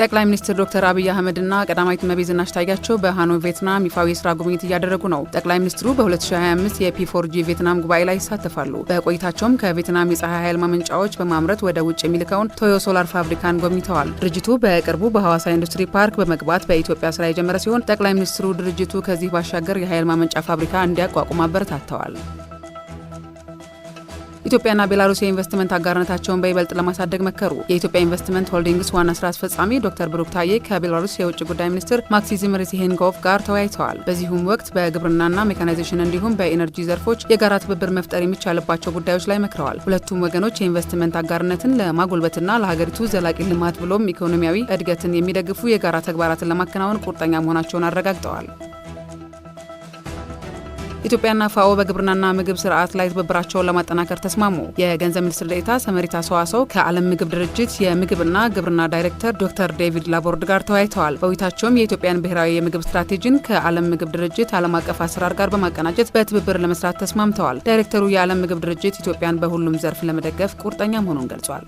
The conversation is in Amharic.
ጠቅላይ ሚኒስትር ዶክተር አብይ አህመድና ቀዳማዊት እመቤት ዝናሽ ታያቸው በሃኖይ ቬትናም ይፋዊ የስራ ጉብኝት እያደረጉ ነው። ጠቅላይ ሚኒስትሩ በ2025 የፒ4ጂ ቬትናም ጉባኤ ላይ ይሳተፋሉ። በቆይታቸውም ከቬትናም የፀሐይ ኃይል ማመንጫዎች በማምረት ወደ ውጭ የሚልከውን ቶዮ ሶላር ፋብሪካን ጎብኝተዋል። ድርጅቱ በቅርቡ በሐዋሳ ኢንዱስትሪ ፓርክ በመግባት በኢትዮጵያ ስራ የጀመረ ሲሆን ጠቅላይ ሚኒስትሩ ድርጅቱ ከዚህ ባሻገር የኃይል ማመንጫ ፋብሪካ እንዲያቋቁም አበረታተዋል። ኢትዮጵያና ቤላሩስ የኢንቨስትመንት አጋርነታቸውን በይበልጥ ለማሳደግ መከሩ። የኢትዮጵያ ኢንቨስትመንት ሆልዲንግስ ዋና ስራ አስፈጻሚ ዶክተር ብሩክ ታዬ ከቤላሩስ የውጭ ጉዳይ ሚኒስትር ማክሲዝም ሪሲሄንኮቭ ጋር ተወያይተዋል። በዚሁም ወቅት በግብርናና ሜካናይዜሽን እንዲሁም በኢነርጂ ዘርፎች የጋራ ትብብር መፍጠር የሚቻልባቸው ጉዳዮች ላይ መክረዋል። ሁለቱም ወገኖች የኢንቨስትመንት አጋርነትን ለማጎልበትና ለሀገሪቱ ዘላቂ ልማት ብሎም ኢኮኖሚያዊ እድገትን የሚደግፉ የጋራ ተግባራትን ለማከናወን ቁርጠኛ መሆናቸውን አረጋግጠዋል። ኢትዮጵያና ፋኦ በግብርናና ምግብ ስርዓት ላይ ትብብራቸውን ለማጠናከር ተስማሙ። የገንዘብ ሚኒስትር ዴኤታ ሰመሪታ ሰዋሰው ከዓለም ምግብ ድርጅት የምግብና ግብርና ዳይሬክተር ዶክተር ዴቪድ ላቦርድ ጋር ተወያይተዋል። በውይይታቸውም የኢትዮጵያን ብሔራዊ የምግብ ስትራቴጂን ከዓለም ምግብ ድርጅት ዓለም አቀፍ አሰራር ጋር በማቀናጀት በትብብር ለመስራት ተስማምተዋል። ዳይሬክተሩ የዓለም ምግብ ድርጅት ኢትዮጵያን በሁሉም ዘርፍ ለመደገፍ ቁርጠኛ መሆኑን ገልጿል።